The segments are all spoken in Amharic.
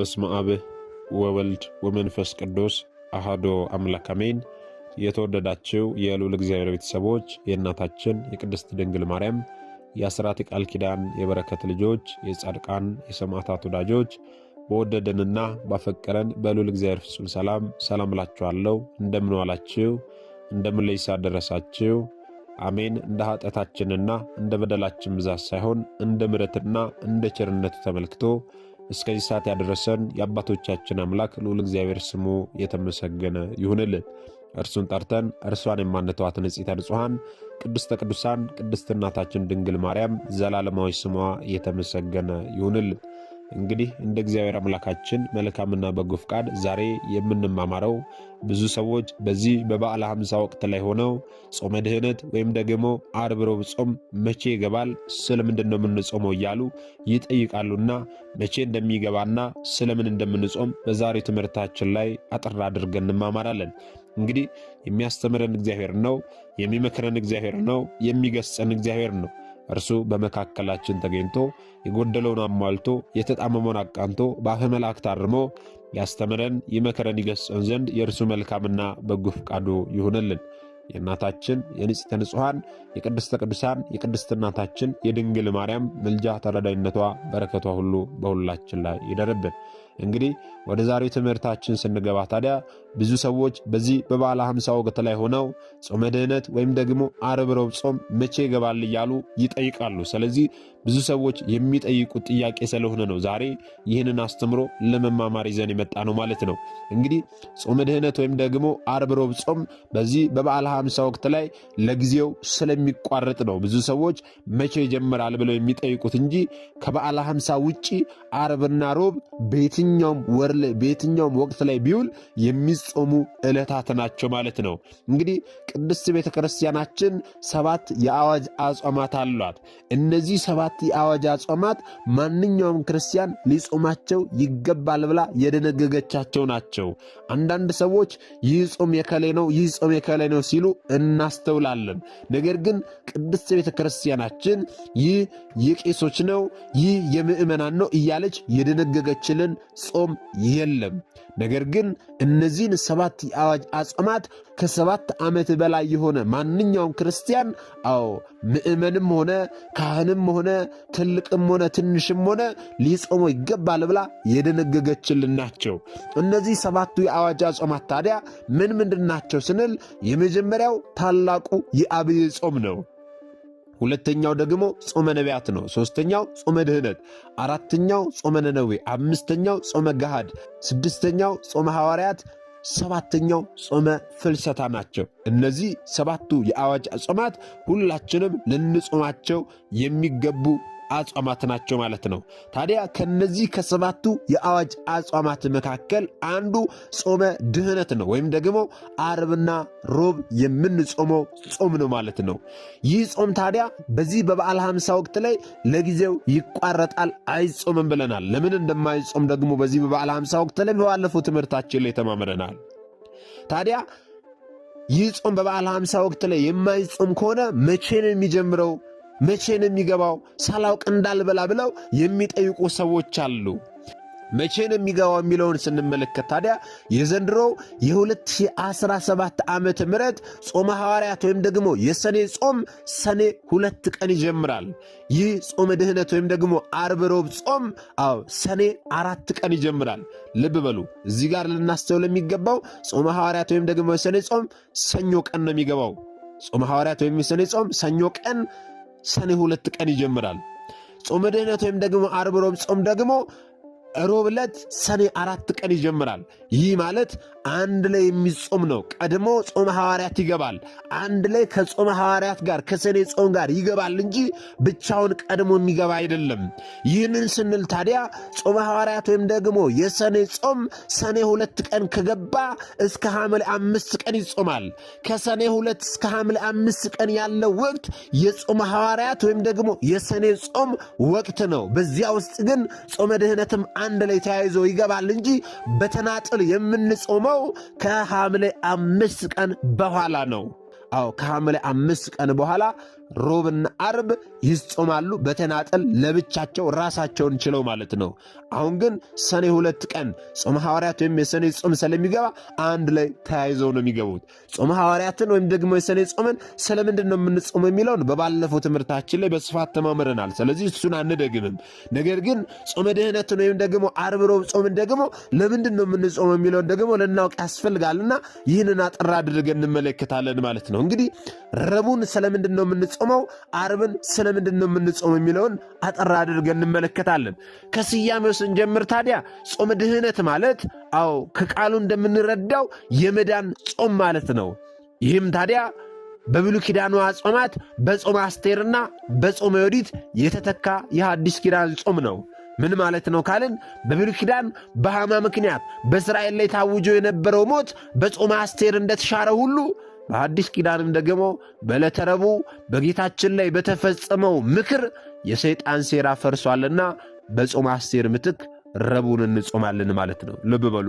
በስመ አብ ወወልድ ወመንፈስ ቅዱስ አሃዶ አምላክ አሜን። የተወደዳችው የልዑል እግዚአብሔር ቤተሰቦች የእናታችን የቅድስት ድንግል ማርያም የአስራት የቃል ኪዳን የበረከት ልጆች የጻድቃን የሰማዕታት ወዳጆች በወደደንና ባፈቀረን በልዑል እግዚአብሔር ፍጹም ሰላም ሰላም እላችኋለሁ። እንደምን ዋላችሁ? እንደምን ለይሳ ደረሳችሁ? አሜን። እንደ ኃጢአታችንና እንደ በደላችን ብዛት ሳይሆን እንደ ምሕረትና እንደ ቸርነቱ ተመልክቶ እስከዚህ ሰዓት ያደረሰን የአባቶቻችን አምላክ ልዑል እግዚአብሔር ስሙ የተመሰገነ ይሁንልን። እርሱን ጠርተን እርሷን የማንተዋት ንጽሕተ ንጹሐን ቅድስተ ቅዱሳን ቅድስት እናታችን ድንግል ማርያም ዘላለማዊ ስሟ የተመሰገነ ይሁንልን። እንግዲህ እንደ እግዚአብሔር አምላካችን መልካምና በጎ ፍቃድ ዛሬ የምንማማረው ብዙ ሰዎች በዚህ በበዓለ ሐምሳ ወቅት ላይ ሆነው ጾመ ድህነት ወይም ደግሞ ዓርብ ሮብ ጾም መቼ ይገባል፣ ስለምንድን ነው የምንጾመው እያሉ ይጠይቃሉና መቼ እንደሚገባና ስለምን እንደምንጾም በዛሬው ትምህርታችን ላይ አጥር አድርገን እንማማራለን። እንግዲህ የሚያስተምረን እግዚአብሔር ነው፣ የሚመክረን እግዚአብሔር ነው፣ የሚገስጸን እግዚአብሔር ነው። እርሱ በመካከላችን ተገኝቶ የጎደለውን አሟልቶ የተጣመመውን አቃንቶ በአፈ መላእክት አርሞ ያስተምረን ይመከረን ይገሥጸን ዘንድ የእርሱ መልካምና በጎ ፈቃዱ ይሁንልን። የእናታችን የንጽሕተ ንጹሐን የቅድስተ ቅዱሳን የቅድስት እናታችን የድንግል ማርያም ምልጃ ተረዳይነቷ በረከቷ ሁሉ በሁላችን ላይ ይደርብን። እንግዲህ ወደ ዛሬው ትምህርታችን ስንገባ ታዲያ ብዙ ሰዎች በዚህ በበዓለ ሃምሳ ወቅት ላይ ሆነው ጾመ ድኅነት ወይም ደግሞ ዓርብ ረቡዕ ጾም መቼ ይገባል እያሉ ይጠይቃሉ። ስለዚህ ብዙ ሰዎች የሚጠይቁት ጥያቄ ስለሆነ ነው ዛሬ ይህንን አስተምሮ ለመማማር ይዘን የመጣ ነው ማለት ነው። እንግዲህ ጾመ ድኅነት ወይም ደግሞ ዓርብ ረቡዕ ጾም በዚህ በበዓለ ሃምሳ ወቅት ላይ ለጊዜው ስለሚቋረጥ ነው ብዙ ሰዎች መቼ ይጀምራል ብለው የሚጠይቁት እንጂ ከበዓለ ሃምሳ ውጭ ዓርብና ሮብ በየትኛው በየትኛውም ወር ላይ በየትኛውም ወቅት ላይ ቢውል የሚጾሙ ዕለታት ናቸው ማለት ነው። እንግዲህ ቅድስት ቤተ ክርስቲያናችን ሰባት የአዋጅ አጾማት አሏት። እነዚህ ሰባት የአዋጅ አጾማት ማንኛውም ክርስቲያን ሊጾማቸው ይገባል ብላ የደነገገቻቸው ናቸው። አንዳንድ ሰዎች ይህ ጾም የከሌ ነው፣ ይህ ጾም የከሌ ነው ሲሉ እናስተውላለን። ነገር ግን ቅድስት ቤተ ክርስቲያናችን ይህ የቄሶች ነው፣ ይህ የምእመናን ነው እያለች የደነገገችልን ጾም የለም። ነገር ግን እነዚህን ሰባት የአዋጅ አጽማት ከሰባት ዓመት በላይ የሆነ ማንኛውም ክርስቲያን አዎ ምእመንም ሆነ ካህንም ሆነ ትልቅም ሆነ ትንሽም ሆነ ሊጾሞ ይገባል ብላ የደነገገችልን ናቸው። እነዚህ ሰባቱ የአዋጅ አጾማት ታዲያ ምን ምንድን ናቸው ስንል የመጀመሪያው ታላቁ የአብይ ጾም ነው። ሁለተኛው ደግሞ ጾመ ነቢያት ነው። ሶስተኛው ጾመ ድህነት፣ አራተኛው ጾመ ነነዌ፣ አምስተኛው ጾመ ገሃድ፣ ስድስተኛው ጾመ ሐዋርያት፣ ሰባተኛው ጾመ ፍልሰታ ናቸው። እነዚህ ሰባቱ የአዋጅ ጾማት ሁላችንም ልንጾማቸው የሚገቡ አጽዋማት ናቸው ማለት ነው። ታዲያ ከነዚህ ከሰባቱ የአዋጅ አጽዋማት መካከል አንዱ ጾመ ድህነት ነው ወይም ደግሞ አርብና ሮብ የምንጾመው ጾም ነው ማለት ነው። ይህ ጾም ታዲያ በዚህ በበዓል ሀምሳ ወቅት ላይ ለጊዜው ይቋረጣል፣ አይጾምም ብለናል። ለምን እንደማይጾም ደግሞ በዚህ በበዓል ሀምሳ ወቅት ላይ በባለፈው ትምህርታችን ላይ ተማምረናል። ታዲያ ይህ ጾም በበዓል ሀምሳ ወቅት ላይ የማይጾም ከሆነ መቼ ነው የሚጀምረው? መቼ ነው የሚገባው ሳላውቅ እንዳልበላ ብለው የሚጠይቁ ሰዎች አሉ። መቼ ነው የሚገባው የሚለውን ስንመለከት ታዲያ የዘንድሮ የ2017 ዓመተ ምረት ጾመ ሐዋርያት ወይም ደግሞ የሰኔ ጾም ሰኔ ሁለት ቀን ይጀምራል። ይህ ጾመ ድህነት ወይም ደግሞ ዓርብ፣ ሮብ ጾም አዎ ሰኔ አራት ቀን ይጀምራል። ልብ በሉ እዚህ ጋር ልናስተውል የሚገባው ጾመ ሐዋርያት ወይም ደግሞ የሰኔ ጾም ሰኞ ቀን ነው የሚገባው። ጾመ ሐዋርያት ወይም የሰኔ ጾም ሰኞ ቀን ሰኔ ሁለት ቀን ይጀምራል። ጾመ ድኅነት ወይም ደግሞ አርብ ሮም ጾም ደግሞ ሮብ ዕለት ሰኔ አራት ቀን ይጀምራል። ይህ ማለት አንድ ላይ የሚጾም ነው። ቀድሞ ጾመ ሐዋርያት ይገባል። አንድ ላይ ከጾመ ሐዋርያት ጋር ከሰኔ ጾም ጋር ይገባል እንጂ ብቻውን ቀድሞ የሚገባ አይደለም። ይህንን ስንል ታዲያ ጾመ ሐዋርያት ወይም ደግሞ የሰኔ ጾም ሰኔ ሁለት ቀን ከገባ እስከ ሐምሌ አምስት ቀን ይጾማል። ከሰኔ ሁለት እስከ ሐምሌ አምስት ቀን ያለው ወቅት የጾመ ሐዋርያት ወይም ደግሞ የሰኔ ጾም ወቅት ነው። በዚያ ውስጥ ግን ጾመ ድህነትም አንድ ላይ ተያይዞ ይገባል እንጂ በተናጥል የምንጾመው ከሐምሌ አምስት ቀን በኋላ ነው። አዎ ከሐምሌ አምስት ቀን በኋላ ሮብና አርብ ይጾማሉ በተናጠል ለብቻቸው ራሳቸውን ችለው ማለት ነው። አሁን ግን ሰኔ ሁለት ቀን ጾመ ሐዋርያት ወይም የሰኔ ጾም ስለሚገባ አንድ ላይ ተያይዘው ነው የሚገቡት። ጾመ ሐዋርያትን ወይም ደግሞ የሰኔ ጾምን ስለምንድን ነው የምንጾም የሚለውን በባለፈው ትምህርታችን ላይ በስፋት ተማምረናል። ስለዚህ እሱን አንደግምም። ነገር ግን ጾመ ድህነትን ወይም ደግሞ አርብ፣ ሮብ ጾምን ደግሞ ለምንድን ነው የምንጾም የሚለውን ደግሞ ልናውቅ ያስፈልጋልና ይህንን አጠር አድርገን እንመለከታለን ማለት ነው። እንግዲህ ረቡን ስለምንድን ነው የምንጾም የምንጾመው አርብን ስለምንድን ነው የምንጾም የሚለውን አጠር አድርገን እንመለከታለን። ከስያሜው ስንጀምር ታዲያ ጾመ ድህነት ማለት አዎ ከቃሉ እንደምንረዳው የመዳን ጾም ማለት ነው። ይህም ታዲያ በብሉይ ኪዳኑ ጾማት በጾመ አስቴርና በጾመ ዮዲት የተተካ የሐዲስ ኪዳን ጾም ነው። ምን ማለት ነው ካልን በብሉይ ኪዳን በሐማ ምክንያት በእስራኤል ላይ ታውጆ የነበረው ሞት በጾመ አስቴር እንደተሻረ ሁሉ በአዲስ ኪዳንም ደግሞ በዕለተ ረቡዕ በጌታችን ላይ በተፈጸመው ምክር የሰይጣን ሴራ ፈርሷልና በጾመ አስቴር ምትክ ረቡዕን እንጾማለን ማለት ነው። ልብ በሉ።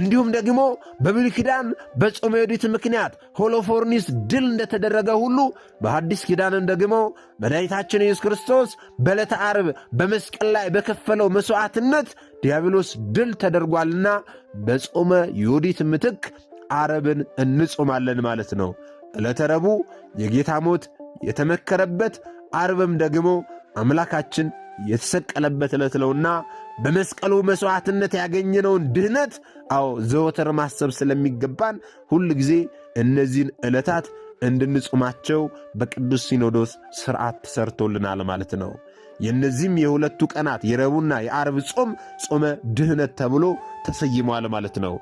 እንዲሁም ደግሞ በብሉይ ኪዳን በጾመ ዮዲት ምክንያት ሆሎፎርኒስ ድል እንደተደረገ ሁሉ በአዲስ ኪዳንም ደግሞ መድኃኒታችን ኢየሱስ ክርስቶስ በዕለተ ዓርብ በመስቀል ላይ በከፈለው መሥዋዕትነት ዲያብሎስ ድል ተደርጓልና በጾመ ዮዲት ምትክ አረብን እንጾማለን ማለት ነው። ዕለተ ረቡዕ የጌታ ሞት የተመከረበት አርብም ደግሞ አምላካችን የተሰቀለበት ዕለት ነውና በመስቀሉ መሥዋዕትነት ያገኘነውን ድኅነት አዎ ዘወትር ማሰብ ስለሚገባን ሁል ጊዜ እነዚህን ዕለታት እንድንጾማቸው በቅዱስ ሲኖዶስ ሥርዓት ተሠርቶልናል ማለት ነው። የእነዚህም የሁለቱ ቀናት የረቡና የአርብ ጾም ጾመ ድህነት ተብሎ ተሰይሟል ማለት ነው።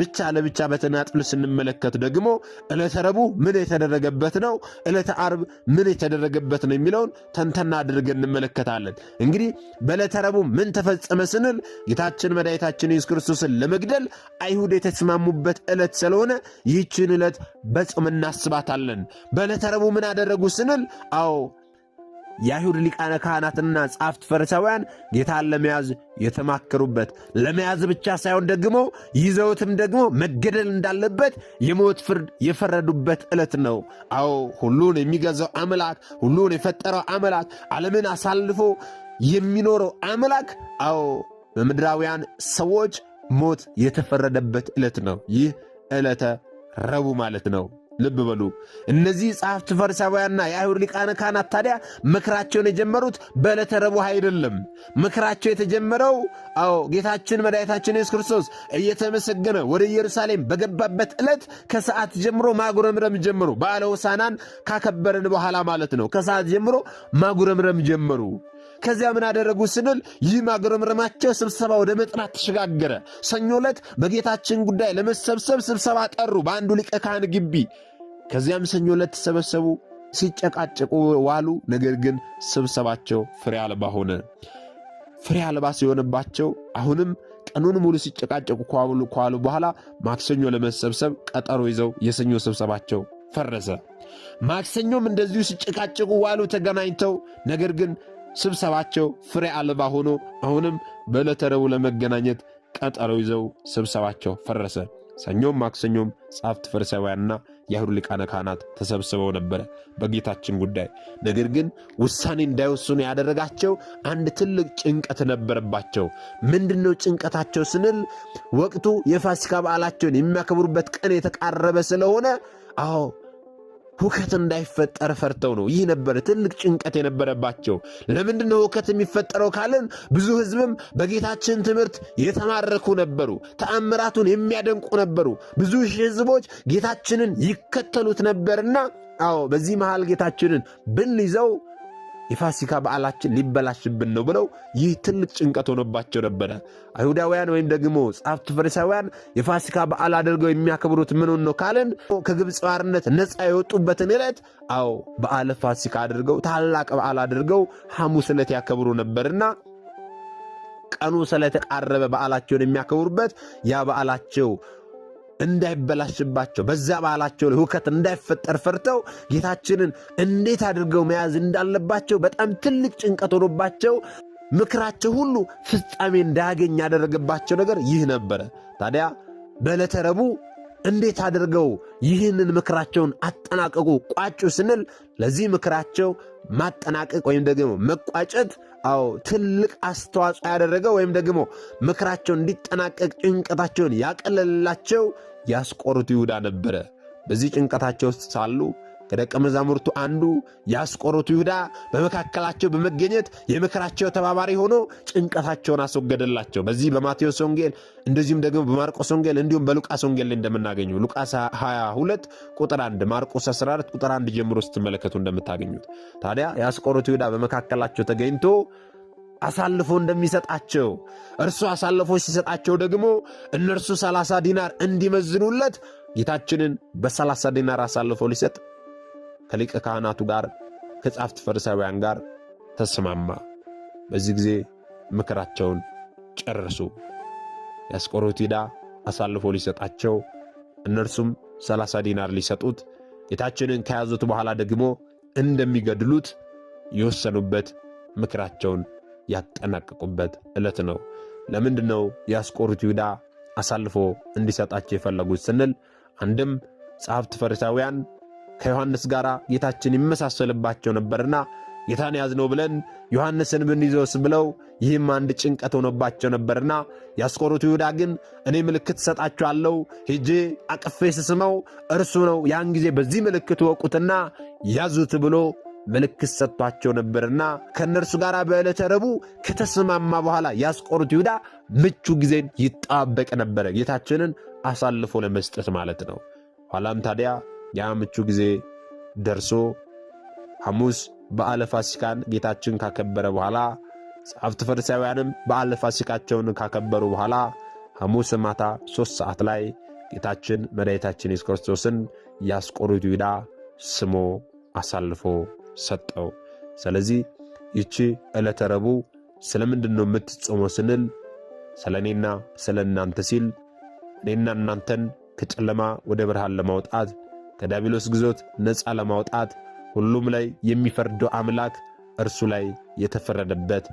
ብቻ ለብቻ በተናጥል ስንመለከት ደግሞ ዕለተ ረቡዕ ምን የተደረገበት ነው፣ ዕለተ አርብ ምን የተደረገበት ነው የሚለውን ተንተና አድርገን እንመለከታለን። እንግዲህ በዕለተ ረቡዕ ምን ተፈጸመ ስንል ጌታችን መድኃኒታችን ኢየሱስ ክርስቶስን ለመግደል አይሁድ የተስማሙበት ዕለት ስለሆነ ይህችን ዕለት በጾም እናስባታለን። በዕለተ ረቡዕ ምን አደረጉ ስንል አዎ የአይሁድ ሊቃነ ካህናትና ጻፍት ፈሪሳውያን ጌታን ለመያዝ የተማከሩበት ለመያዝ ብቻ ሳይሆን ደግሞ ይዘውትም ደግሞ መገደል እንዳለበት የሞት ፍርድ የፈረዱበት ዕለት ነው። አዎ ሁሉን የሚገዛው አምላክ፣ ሁሉን የፈጠረው አምላክ፣ ዓለምን አሳልፎ የሚኖረው አምላክ አዎ በምድራውያን ሰዎች ሞት የተፈረደበት ዕለት ነው። ይህ ዕለተ ረቡዕ ማለት ነው። ልብ በሉ እነዚህ ጸሐፍት ፈሪሳውያንና የአይሁድ ሊቃነ ካህናት ታዲያ ምክራቸውን የጀመሩት በዕለተ ረቡዕ አይደለም። ምክራቸው የተጀመረው አዎ ጌታችን መድኃኒታችን ኢየሱስ ክርስቶስ እየተመሰገነ ወደ ኢየሩሳሌም በገባበት ዕለት ከሰዓት ጀምሮ ማጉረምረም ጀመሩ። በዓለ ሆሳዕናን ካከበርን በኋላ ማለት ነው። ከሰዓት ጀምሮ ማጉረምረም ጀመሩ። ከዚያ ምን አደረጉ ስንል ይህ ማግረምረማቸው ስብሰባ ወደ መጥናት ተሸጋገረ። ሰኞ ዕለት በጌታችን ጉዳይ ለመሰብሰብ ስብሰባ ጠሩ በአንዱ ሊቀ ካህን ግቢ። ከዚያም ሰኞ ዕለት ተሰበሰቡ፣ ሲጨቃጨቁ ዋሉ። ነገር ግን ስብሰባቸው ፍሬ አልባ ሆነ። ፍሬ አልባ ሲሆንባቸው አሁንም ቀኑን ሙሉ ሲጨቃጨቁ ከዋሉ በኋላ ማክሰኞ ለመሰብሰብ ቀጠሮ ይዘው የሰኞ ስብሰባቸው ፈረሰ። ማክሰኞም እንደዚሁ ሲጨቃጨቁ ዋሉ ተገናኝተው ነገር ግን ስብሰባቸው ፍሬ አልባ ሆኖ አሁንም በዕለተ ረቡዕ ለመገናኘት ቀጠሮ ይዘው ስብሰባቸው ፈረሰ። ሰኞም ማክሰኞም ጻፍት ፈሪሳውያንና የአይሁድ ሊቃነ ካህናት ተሰብስበው ነበረ በጌታችን ጉዳይ። ነገር ግን ውሳኔ እንዳይወስኑ ያደረጋቸው አንድ ትልቅ ጭንቀት ነበረባቸው። ምንድን ነው ጭንቀታቸው ስንል ወቅቱ የፋሲካ በዓላቸውን የሚያከብሩበት ቀን የተቃረበ ስለሆነ አዎ ሁከት እንዳይፈጠር ፈርተው ነው። ይህ ነበር ትልቅ ጭንቀት የነበረባቸው። ለምንድን ነው ሁከት የሚፈጠረው ካለን ብዙ ሕዝብም በጌታችን ትምህርት የተማረኩ ነበሩ፣ ተአምራቱን የሚያደንቁ ነበሩ። ብዙ ሺህ ሕዝቦች ጌታችንን ይከተሉት ነበርና አዎ በዚህ መሃል ጌታችንን ብን ይዘው የፋሲካ በዓላችን ሊበላሽብን ነው ብለው ይህ ትልቅ ጭንቀት ሆኖባቸው ነበረ። አይሁዳውያን ወይም ደግሞ ጸሐፍት ፈሪሳውያን የፋሲካ በዓል አድርገው የሚያከብሩት ምኑን ነው ካልን ከግብፅ ባርነት ነፃ የወጡበትን ዕለት አዎ በዓለ ፋሲካ አድርገው ታላቅ በዓል አድርገው ሐሙስ ዕለት ያከብሩ ነበርና ቀኑ ስለተቃረበ በዓላቸውን የሚያከብሩበት ያ በዓላቸው እንዳይበላሽባቸው በዛ ባህላቸው ላይ ሁከት እንዳይፈጠር ፈርተው ጌታችንን እንዴት አድርገው መያዝ እንዳለባቸው በጣም ትልቅ ጭንቀት ሆኖባቸው ምክራቸው ሁሉ ፍጻሜ እንዳያገኝ ያደረገባቸው ነገር ይህ ነበረ። ታዲያ በዕለተ ረቡዕ እንዴት አድርገው ይህንን ምክራቸውን አጠናቀቁ ቋጩ ስንል ለዚህ ምክራቸው ማጠናቀቅ ወይም ደግሞ መቋጨት አዎ ትልቅ አስተዋጽኦ ያደረገው ወይም ደግሞ ምክራቸውን እንዲጠናቀቅ ጭንቀታቸውን ያቀለላቸው ያስቆሩት ይሁዳ ነበረ። በዚህ ጭንቀታቸው ውስጥ ሳሉ ከደቀ መዛሙርቱ አንዱ የአስቆሮቱ ይሁዳ በመካከላቸው በመገኘት የምክራቸው ተባባሪ ሆኖ ጭንቀታቸውን አስወገደላቸው። በዚህ በማቴዎስ ወንጌል እንደዚሁም ደግሞ በማርቆስ ወንጌል እንዲሁም በሉቃስ ወንጌል ላይ እንደምናገኙ ሉቃስ 22 ቁጥር 1፣ ማርቆስ 14 ቁጥር 1 ጀምሮ ስትመለከቱ እንደምታገኙት ታዲያ የአስቆሮቱ ይሁዳ በመካከላቸው ተገኝቶ አሳልፎ እንደሚሰጣቸው እርሱ አሳልፎ ሲሰጣቸው ደግሞ እነርሱ 30 ዲናር እንዲመዝኑለት ጌታችንን በ30 ዲናር አሳልፎ ሊሰጥ ከሊቀ ካህናቱ ጋር ከጻፍት ፈሪሳውያን ጋር ተስማማ። በዚህ ጊዜ ምክራቸውን ጨረሱ። የአስቆሮት ይዳ አሳልፎ ሊሰጣቸው እነርሱም ሰላሳ ዲናር ሊሰጡት ጌታችንን ከያዙት በኋላ ደግሞ እንደሚገድሉት የወሰኑበት ምክራቸውን ያጠናቀቁበት ዕለት ነው። ለምንድን ነው የአስቆሮት ይዳ አሳልፎ እንዲሰጣቸው የፈለጉት ስንል አንድም ጸሐፍት ፈሪሳውያን ከዮሐንስ ጋር ጌታችን ይመሳሰልባቸው ነበርና ጌታን ያዝነው ብለን ዮሐንስን ብንይዘውስ ብለው ይህም አንድ ጭንቀት ሆኖባቸው ነበርና ያስቆሩት ይሁዳ ግን እኔ ምልክት ሰጣችኋለሁ፣ ሄጄ አቅፌ ስስመው እርሱ ነው፣ ያን ጊዜ በዚህ ምልክት ወቁትና ያዙት ብሎ ምልክት ሰጥቷቸው ነበርና ከእነርሱ ጋር በዕለተ ረቡዕ ከተስማማ በኋላ ያስቆሩት ይሁዳ ምቹ ጊዜን ይጠባበቅ ነበረ፣ ጌታችንን አሳልፎ ለመስጠት ማለት ነው። ኋላም ታዲያ ያ ምቹ ጊዜ ደርሶ ሐሙስ በዓለ ፋሲካን ጌታችን ካከበረ በኋላ ጸሐፍት ፈሪሳውያንም በዓለ ፋሲካቸውን ካከበሩ በኋላ ሐሙስ ማታ ሦስት ሰዓት ላይ ጌታችን መድኃኒታችን ኢየሱስ ክርስቶስን የአስቆሮቱ ይሁዳ ስሞ አሳልፎ ሰጠው። ስለዚህ ይቺ ዕለተ ረቡዕ ስለምንድን ነው የምትጾመው ስንል ስለ እኔና ስለ እናንተ ሲል እኔና እናንተን ከጨለማ ወደ ብርሃን ለማውጣት ከዲያብሎስ ግዞት ነፃ ለማውጣት ሁሉም ላይ የሚፈርደው አምላክ እርሱ ላይ የተፈረደበት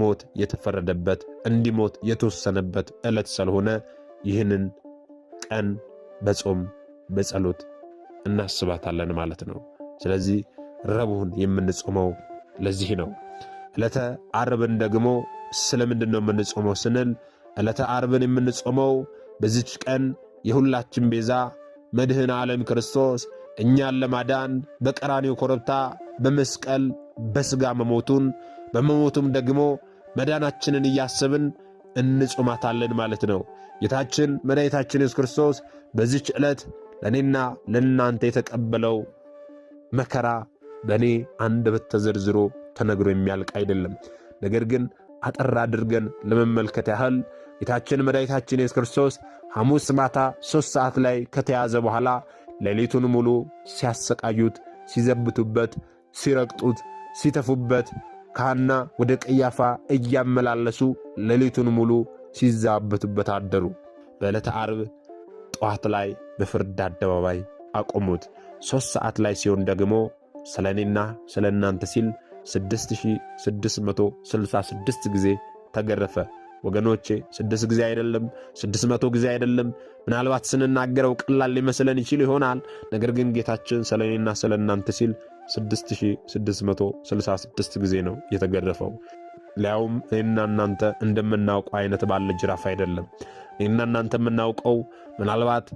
ሞት የተፈረደበት እንዲሞት የተወሰነበት ዕለት ስለሆነ ይህንን ቀን በጾም በጸሎት እናስባታለን ማለት ነው። ስለዚህ ረቡዕን የምንጾመው ለዚህ ነው። ዕለተ ዓርብን ደግሞ ስለምንድን ነው የምንጾመው ስንል ዕለተ ዓርብን የምንጾመው በዚች ቀን የሁላችን ቤዛ መድህን ዓለም ክርስቶስ እኛን ለማዳን በቀራኔው ኮረብታ በመስቀል በሥጋ መሞቱን በመሞቱም ደግሞ መዳናችንን እያሰብን እንጾማታለን ማለት ነው። ጌታችን መድኃኒታችን ኢየሱስ ክርስቶስ በዚች ዕለት ለእኔና ለእናንተ የተቀበለው መከራ በእኔ አንደበት ተዘርዝሮ ተነግሮ የሚያልቅ አይደለም። ነገር ግን አጠር አድርገን ለመመልከት ያህል ጌታችን መድኃኒታችን ኢየሱስ ክርስቶስ ሐሙስ ማታ ሦስት ሰዓት ላይ ከተያዘ በኋላ ሌሊቱን ሙሉ ሲያሰቃዩት፣ ሲዘብቱበት፣ ሲረግጡት፣ ሲተፉበት ከሐና ወደ ቀያፋ እያመላለሱ ሌሊቱን ሙሉ ሲዛበቱበት አደሩ። በዕለተ ዓርብ ጠዋት ላይ በፍርድ አደባባይ አቆሙት። ሦስት ሰዓት ላይ ሲሆን ደግሞ ስለ እኔና ስለ እናንተ ሲል 6666 ጊዜ ተገረፈ። ወገኖቼ ስድስት ጊዜ አይደለም፣ ስድስት መቶ ጊዜ አይደለም። ምናልባት ስንናገረው ቀላል ሊመስለን ይችል ይሆናል። ነገር ግን ጌታችን ስለ እኔና ስለ እናንተ ሲል 6666 ጊዜ ነው የተገረፈው። ሊያውም እኔና እናንተ እንደምናውቀው አይነት ባለ ጅራፍ አይደለም። እኔና እናንተ የምናውቀው ምናልባት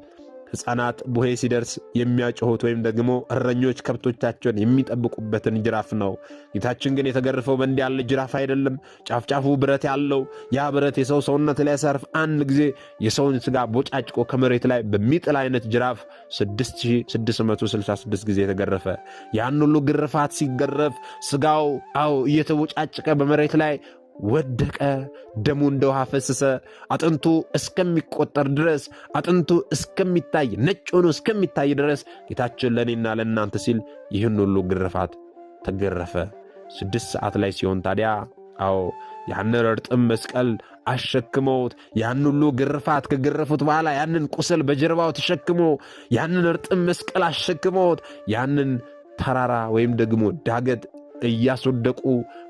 ሕፃናት ቡሄ ሲደርስ የሚያጮሁት ወይም ደግሞ እረኞች ከብቶቻቸውን የሚጠብቁበትን ጅራፍ ነው። ጌታችን ግን የተገረፈው በእንዲ ያለ ጅራፍ አይደለም። ጫፍጫፉ ብረት ያለው ያ ብረት የሰው ሰውነት ላይ ሲያርፍ አንድ ጊዜ የሰውን ሥጋ ቦጫጭቆ ከመሬት ላይ በሚጥል አይነት ጅራፍ 6666 ጊዜ የተገረፈ። ያን ሁሉ ግርፋት ሲገረፍ ሥጋው አዎ እየተቦጫጭቀ በመሬት ላይ ወደቀ። ደሙ እንደ ውሃ ፈሰሰ። አጥንቱ እስከሚቆጠር ድረስ አጥንቱ እስከሚታይ ነጭ ሆኖ እስከሚታይ ድረስ ጌታችን ለእኔና ለእናንተ ሲል ይህን ሁሉ ግርፋት ተገረፈ። ስድስት ሰዓት ላይ ሲሆን ታዲያ አዎ ያንን እርጥም መስቀል አሸክመውት ያን ሁሉ ግርፋት ከገረፉት በኋላ ያንን ቁስል በጀርባው ተሸክሞ ያንን እርጥም መስቀል አሸክመውት ያንን ተራራ ወይም ደግሞ ዳገት እያስወደቁ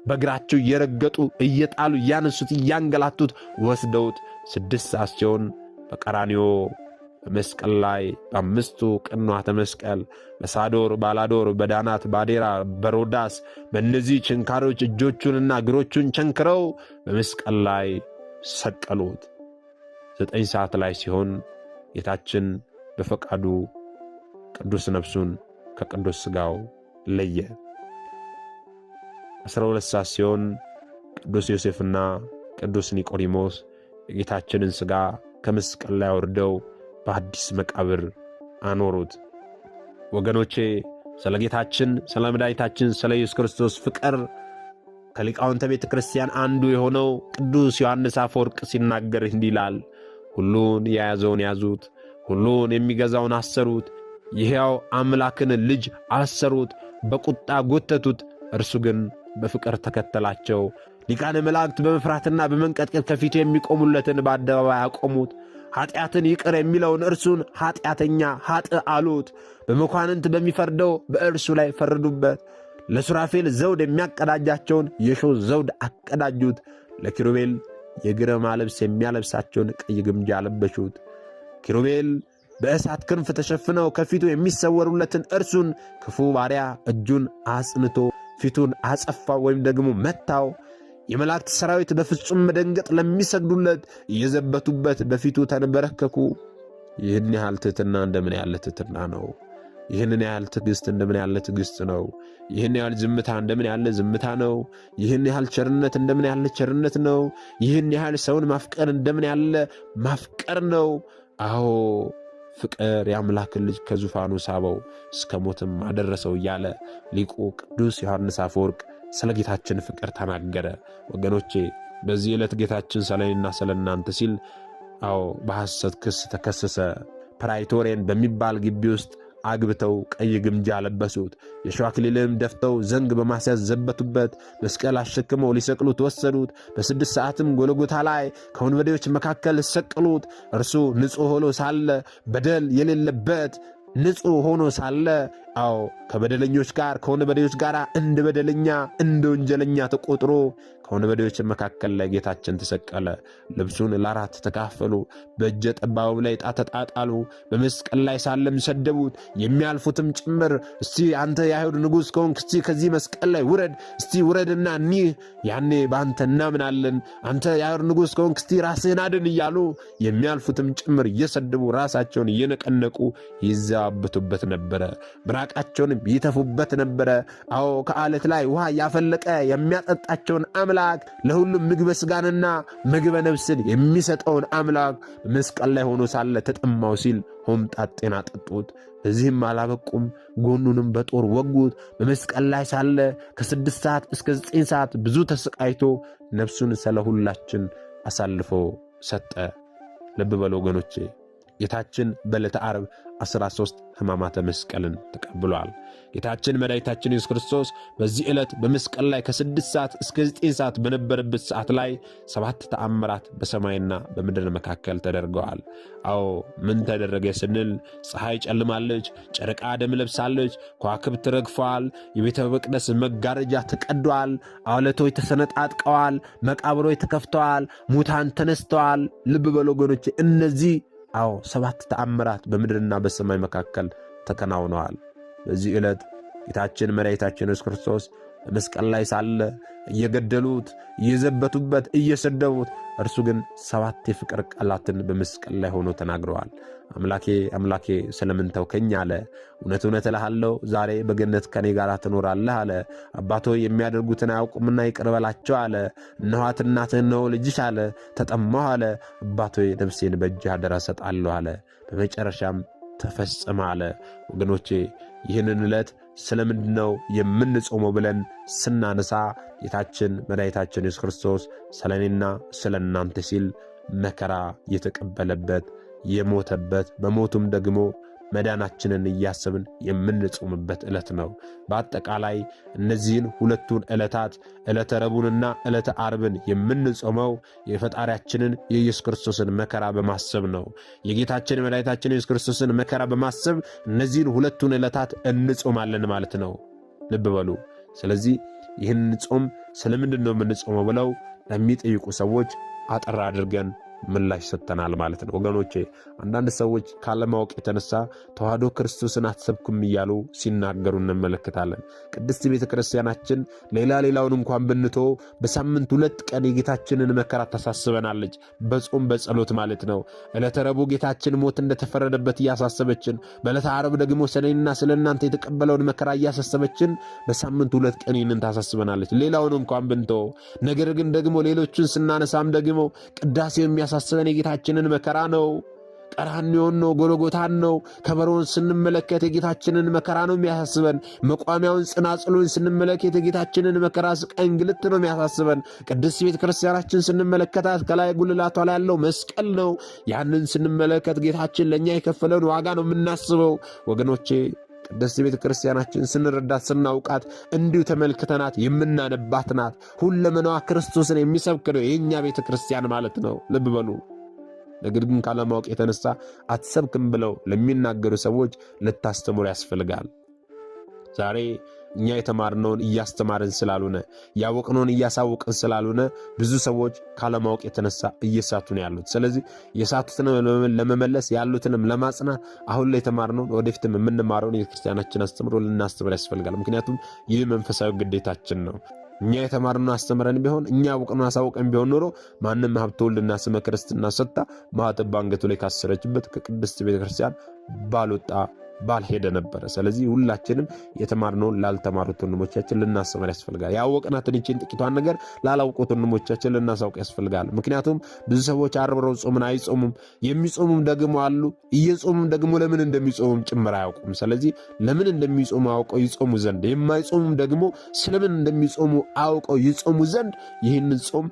በእግራቸው እየረገጡ እየጣሉ እያነሱት እያንገላቱት ወስደውት ስድስት ሰዓት ሲሆን በቀራኒዮ በመስቀል ላይ በአምስቱ ቅንዋተ መስቀል በሳዶር ባላዶር በዳናት ባዴራ በሮዳስ በእነዚህ ችንካሮች እጆቹንና እግሮቹን ቸንክረው በመስቀል ላይ ሰቀሉት። ዘጠኝ ሰዓት ላይ ሲሆን ጌታችን በፈቃዱ ቅዱስ ነፍሱን ከቅዱስ ሥጋው ለየ። 12 ሰዓት ሲሆን ቅዱስ ዮሴፍና ቅዱስ ኒቆዲሞስ የጌታችንን ሥጋ ከመስቀል ላይ አውርደው በአዲስ መቃብር አኖሩት። ወገኖቼ ስለ ጌታችን ስለ መድኃኒታችን ስለ ኢየሱስ ክርስቶስ ፍቅር ከሊቃውንተ ቤተ ክርስቲያን አንዱ የሆነው ቅዱስ ዮሐንስ አፈወርቅ ሲናገር እንዲህ ይላል። ሁሉን የያዘውን ያዙት፣ ሁሉን የሚገዛውን አሰሩት፣ የሕያው አምላክን ልጅ አሰሩት፣ በቁጣ ጎተቱት፣ እርሱ ግን በፍቅር ተከተላቸው። ሊቃነ መላእክት በመፍራትና በመንቀጥቀጥ ከፊቱ የሚቆሙለትን በአደባባይ አቆሙት። ኀጢአትን ይቅር የሚለውን እርሱን ኀጢአተኛ ኀጥ አሉት። በመኳንንት በሚፈርደው በእርሱ ላይ ፈረዱበት። ለሱራፌል ዘውድ የሚያቀዳጃቸውን የሾህ ዘውድ አቀዳጁት። ለኪሩቤል የግርማ ልብስ የሚያለብሳቸውን ቀይ ግምጃ አለበሹት። ኪሩቤል በእሳት ክንፍ ተሸፍነው ከፊቱ የሚሰወሩለትን እርሱን ክፉ ባሪያ እጁን አጽንቶ ፊቱን አጸፋው ወይም ደግሞ መታው። የመላእክት ሰራዊት በፍጹም መደንገጥ ለሚሰግዱለት እየዘበቱበት በፊቱ ተንበረከኩ። ይህን ያህል ትሕትና እንደምን ያለ ትሕትና ነው! ይህንን ያህል ትዕግሥት እንደምን ያለ ትዕግሥት ነው! ይህን ያህል ዝምታ እንደምን ያለ ዝምታ ነው! ይህን ያህል ቸርነት እንደምን ያለ ቸርነት ነው! ይህን ያህል ሰውን ማፍቀር እንደምን ያለ ማፍቀር ነው! አዎ ፍቅር የአምላክን ልጅ ከዙፋኑ ሳበው እስከ ሞትም አደረሰው እያለ ሊቁ ቅዱስ ዮሐንስ አፈወርቅ ስለ ጌታችን ፍቅር ተናገረ። ወገኖቼ በዚህ ዕለት ጌታችን ስለ ስለ እናንተ ሲል አዎ በሐሰት ክስ ተከሰሰ። ፕራይቶሬን በሚባል ግቢ ውስጥ አግብተው ቀይ ግምጃ ለበሱት፣ የሸዋ ደፍተው ዘንግ በማስያዝ ዘበቱበት፣ መስቀል አሸክመው ሊሰቅሉት ወሰዱት። በስድስት ሰዓትም ጎለጎታ ላይ ከወንበዴዎች መካከል ሰቅሉት። እርሱ ንጹሕ ሆኖ ሳለ በደል የሌለበት ንጹሕ ሆኖ ሳለ አዎ ከበደለኞች ጋር ከወንበዴዎች ጋር እንደ በደለኛ እንደ ወንጀለኛ ተቆጥሮ ከወንበዴዎች መካከል ላይ ጌታችን ተሰቀለ። ልብሱን ለአራት ተካፈሉ። በእጀ ጠባቡ ላይ ዕጣ ተጣጣሉ። በመስቀል ላይ ሳለም ሰደቡት፣ የሚያልፉትም ጭምር እስቲ አንተ የአይሁድ ንጉሥ ከሆንክ እስቲ ከዚህ መስቀል ላይ ውረድ፣ እስቲ ውረድና እኒህ ያኔ በአንተ እናምናለን። አንተ የአይሁድ ንጉሥ ከሆንክ እስቲ ራስህን አድን እያሉ የሚያልፉትም ጭምር እየሰደቡ ራሳቸውን እየነቀነቁ ይዘባበቱበት ነበረ። ምራቃቸውን ይተፉበት ነበረ። አዎ ከአለት ላይ ውሃ ያፈለቀ የሚያጠጣቸውን አምላክ ለሁሉም ምግበ ስጋንና ምግበ ነብስን የሚሰጠውን አምላክ መስቀል ላይ ሆኖ ሳለ ተጠማው ሲል ሆምጣጤን አጠጡት። እዚህም አላበቁም፣ ጎኑንም በጦር ወጉት። በመስቀል ላይ ሳለ ከስድስት ሰዓት እስከ ዘጠኝ ሰዓት ብዙ ተሰቃይቶ ነፍሱን ስለ ሁላችን አሳልፎ ሰጠ። ልብ በሉ ወገኖቼ። ጌታችን በዕለተ ዓርብ 13 ሕማማተ መስቀልን ተቀብሏል። ጌታችን መድኃኒታችን ኢየሱስ ክርስቶስ በዚህ ዕለት በመስቀል ላይ ከስድስት ሰዓት እስከ ዘጠኝ ሰዓት በነበረበት ሰዓት ላይ ሰባት ተአምራት በሰማይና በምድር መካከል ተደርገዋል። አዎ ምን ተደረገ ስንል ፀሐይ ጨልማለች፣ ጨረቃ ደም ለብሳለች፣ ከዋክብት ረግፈዋል፣ የቤተ መቅደስ መጋረጃ ተቀዷል፣ አውለቶች ተሰነጣጥቀዋል፣ መቃብሮች ተከፍተዋል፣ ሙታን ተነስተዋል። ልብ በሉ ወገኖቼ እነዚህ አዎ ሰባት ተአምራት በምድርና በሰማይ መካከል ተከናውነዋል። በዚህ ዕለት ጌታችን መድኃኒታችን ኢየሱስ ክርስቶስ በመስቀል ላይ ሳለ እየገደሉት፣ እየዘበቱበት፣ እየሰደቡት እርሱ ግን ሰባት የፍቅር ቃላትን በመስቀል ላይ ሆኖ ተናግረዋል። አምላኬ አምላኬ ስለምን ተውከኝ አለ። እውነት እውነት እልሃለሁ ዛሬ በገነት ከኔ ጋር ትኖራለህ አለ። አባቶ የሚያደርጉትን አያውቁምና ይቅር በላቸው አለ። እነኋት እናትህ፣ እነሆ ልጅሽ አለ። ተጠማሁ አለ። አባቶ ነፍሴን በእጅ አደራ እሰጣለሁ አለ። በመጨረሻም ተፈጽመ አለ። ወገኖቼ ይህንን ዕለት ስለምንድን ነው የምንጾመው ብለን ስናነሳ ጌታችን መድኃኒታችን ኢየሱስ ክርስቶስ ስለ እኔና ስለ እናንተ ሲል መከራ የተቀበለበት የሞተበት በሞቱም ደግሞ መዳናችንን እያሰብን የምንጾምበት ዕለት ነው። በአጠቃላይ እነዚህን ሁለቱን ዕለታት ዕለተ ረቡንና ዕለተ አርብን የምንጾመው የፈጣሪያችንን የኢየሱስ ክርስቶስን መከራ በማሰብ ነው። የጌታችን የመድኃኒታችን የኢየሱስ ክርስቶስን መከራ በማሰብ እነዚህን ሁለቱን ዕለታት እንጾማለን ማለት ነው። ልብ በሉ። ስለዚህ ይህን ጾም ስለምንድን ነው የምንጾመው ብለው ለሚጠይቁ ሰዎች አጠራ አድርገን ምላሽ ሰጥተናል ማለት ነው ወገኖቼ። አንዳንድ ሰዎች ካለማወቅ የተነሳ ተዋህዶ ክርስቶስን አትሰብኩም እያሉ ሲናገሩ እንመለከታለን። ቅድስት ቤተ ክርስቲያናችን ሌላ ሌላውን እንኳን ብንቶ በሳምንት ሁለት ቀን የጌታችንን መከራ ታሳስበናለች፣ በጾም በጸሎት ማለት ነው። ዕለተ ረቡዕ ጌታችን ሞት እንደተፈረደበት እያሳሰበችን፣ በዕለተ ዓርብ ደግሞ ስለኔና ስለ እናንተ የተቀበለውን መከራ እያሳሰበችን በሳምንት ሁለት ቀን ይህንን ታሳስበናለች፣ ሌላውን እንኳን ብንቶ ነገር ግን ደግሞ ሌሎችን ስናነሳም ደግሞ ቅዳሴው የሚያሳ የሚያሳስበን የጌታችንን መከራ ነው። ቀራንዮን ነው፣ ጎሎጎታን ነው። ከበሮውን ስንመለከት የጌታችንን መከራ ነው የሚያሳስበን። መቋሚያውን፣ ጽናጽሉን ስንመለከት የጌታችንን መከራ፣ ስቃይ፣ እንግልት ነው የሚያሳስበን። ቅድስት ቤተ ክርስቲያናችን ስንመለከታት ከላይ ጉልላቷ ላይ ያለው መስቀል ነው። ያንን ስንመለከት ጌታችን ለእኛ የከፈለውን ዋጋ ነው የምናስበው ወገኖቼ ቅድስት ቤተ ክርስቲያናችን ስንረዳት ስናውቃት እንዲሁ ተመልክተናት የምናነባት ናት። ሁለመናዋ ክርስቶስን የሚሰብክ ነው የእኛ ቤተ ክርስቲያን ማለት ነው። ልብ በሉ። ነገር ግን ካለማወቅ የተነሳ አትሰብክም ብለው ለሚናገሩ ሰዎች ልታስተምሩ ያስፈልጋል ዛሬ እኛ የተማርነውን እያስተማርን ስላልሆነ ያወቅነውን እያሳወቅን ስላልሆነ ብዙ ሰዎች ካለማወቅ የተነሳ እየሳቱ ነው ያሉት። ስለዚህ የሳቱትንም ለመመለስ ያሉትንም ለማጽናት አሁን ላይ የተማርነውን ወደፊትም የምንማረውን የክርስቲያናችን አስተምሮ ልናስተምር ያስፈልጋል። ምክንያቱም ይህ መንፈሳዊ ግዴታችን ነው። እኛ የተማርነውን አስተምረን ቢሆን እኛ ያወቅነውን አሳውቀን ቢሆን ኖሮ ማንም ሀብተ ወልድና ስመ ክርስትና ሰጥታ ማኅተብ በአንገቱ ላይ ካሰረችበት ከቅድስት ቤተክርስቲያን ባልወጣ ባልሄደ ነበረ። ስለዚህ ሁላችንም የተማርነውን ላልተማሩት ወንድሞቻችን ልናስተምር ያስፈልጋል። ያወቅናትን ይችን ጥቂቷን ነገር ላላውቁት ወንድሞቻችን ልናሳውቅ ያስፈልጋል። ምክንያቱም ብዙ ሰዎች አርብረው ጾምን አይጾሙም፣ የሚጾሙም ደግሞ አሉ። እየጾሙም ደግሞ ለምን እንደሚጾሙም ጭምር አያውቁም። ስለዚህ ለምን እንደሚጾሙ አውቀው ይጾሙ ዘንድ፣ የማይጾሙም ደግሞ ስለምን እንደሚጾሙ አውቀው ይጾሙ ዘንድ ይህንን ጾም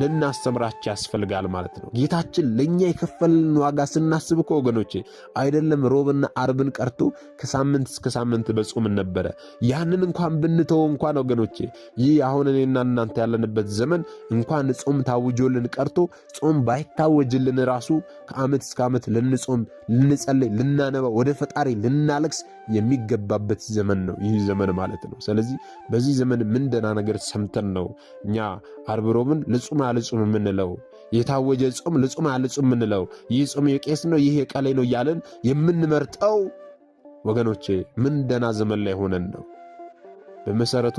ልናስተምራቸው ያስፈልጋል ማለት ነው። ጌታችን ለእኛ የከፈልን ዋጋ ስናስብ እኮ ወገኖቼ አይደለም ሮብና አርብን ቀርቶ ከሳምንት እስከ ሳምንት በጾምን ነበረ። ያንን እንኳን ብንተው እንኳን ወገኖቼ ይህ አሁን እኔና እናንተ ያለንበት ዘመን እንኳን ጾም ታውጆልን ቀርቶ ጾም ባይታወጅልን ራሱ ከዓመት እስከ ዓመት ልንጾም፣ ልንጸልይ፣ ልናነባ፣ ወደ ፈጣሪ ልናለቅስ የሚገባበት ዘመን ነው ይህ ዘመን ማለት ነው። ስለዚህ በዚህ ዘመን ምን ደህና ነገር ሰምተን ነው እኛ አርብ ሮብን ልጹም አልጹም የምንለው የታወጀ ጾም ልጹም አልጹም የምንለው ይህ ጾም የቄስ ነው፣ ይህ የቀሌ ነው እያለን የምንመርጠው ወገኖቼ፣ ምን ደና ዘመን ላይ ሆነን ነው? በመሰረቱ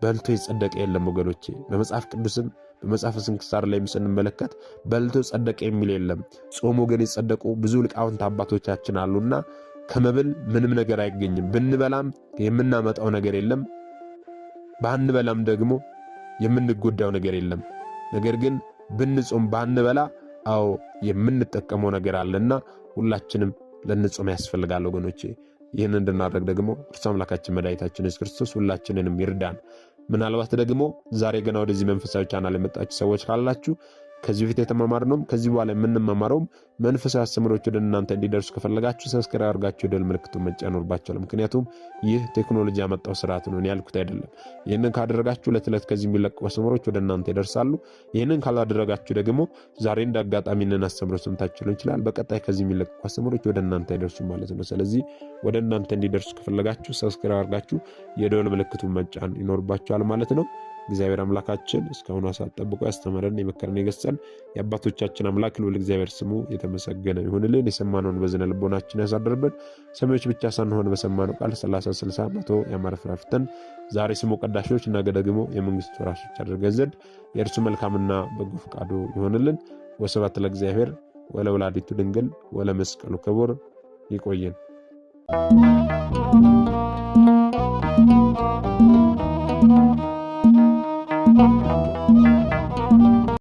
በልቶ የጸደቀ የለም ወገኖቼ። በመጽሐፍ ቅዱስም በመጽሐፍ ስንክሳር ላይም ስንመለከት በልቶ ጸደቀ የሚል የለም። ጾሙ ግን የጸደቁ ብዙ ሊቃውንት አባቶቻችን አሉና ከመብል ምንም ነገር አይገኝም። ብንበላም የምናመጣው ነገር የለም፣ ባንበላም ደግሞ የምንጎዳው ነገር የለም። ነገር ግን ብንጾም ባንበላ፣ አዎ የምንጠቀመው ነገር አለና ሁላችንም ልንጾም ያስፈልጋል ወገኖቼ። ይህን እንድናደርግ ደግሞ እርሱ አምላካችን መድኃኒታችን ኢየሱስ ክርስቶስ ሁላችንንም ይርዳን። ምናልባት ደግሞ ዛሬ ገና ወደዚህ መንፈሳዊ ቻናል የመጣችሁ ሰዎች ካላችሁ ከዚህ በፊት የተማማርነውም ከዚህ በኋላ የምንማማረውም መንፈሳዊ አስተምሮች ወደ እናንተ እንዲደርሱ ከፈለጋችሁ ሰብስክራይብ አድርጋችሁ ደል ምልክቱ መጫን ይኖርባችኋል። ምክንያቱም ይህ ቴክኖሎጂ ያመጣው ስርዓት ነው፣ ያልኩት አይደለም። ይህንን ካደረጋችሁ ዕለት ዕለት ከዚህ የሚለቁ አስተምሮች ወደ እናንተ ይደርሳሉ። ይህንን ካላደረጋችሁ ደግሞ ዛሬ እንደ አጋጣሚ ነን አስተምሮ ሰምታችሁ ይችላል፣ በቀጣይ ከዚህ የሚለቁ አስተምሮች ወደ እናንተ አይደርሱ ማለት ነው። ስለዚህ ወደ እናንተ እንዲደርሱ ከፈለጋችሁ ሰብስክራይብ አድርጋችሁ የደወል ምልክቱን መጫን ይኖርባችኋል ማለት ነው። እግዚአብሔር አምላካችን እስካሁን ሰዓት ጠብቆ ያስተማረን የመከረን የገሰጸን የአባቶቻችን አምላክ ልዑል እግዚአብሔር ስሙ የተመሰገነ ይሁንልን። የሰማነውን በዝነ ልቦናችን ያሳደርብን። ሰሚዎች ብቻ ሳንሆን በሰማነው ቃል ሰላሳ ስልሳ መቶ ያማረ ፍሬ አፍርተን ዛሬ ስሙ ቀዳሾች ነገ ደግሞ የመንግስቱ ወራሾች አድርገን ዘንድ የእርሱ መልካምና በጎ ፈቃዱ ይሆንልን። ወስብሐት ለእግዚአብሔር ወለወላዲቱ ድንግል ወለመስቀሉ ክቡር ይቆየን።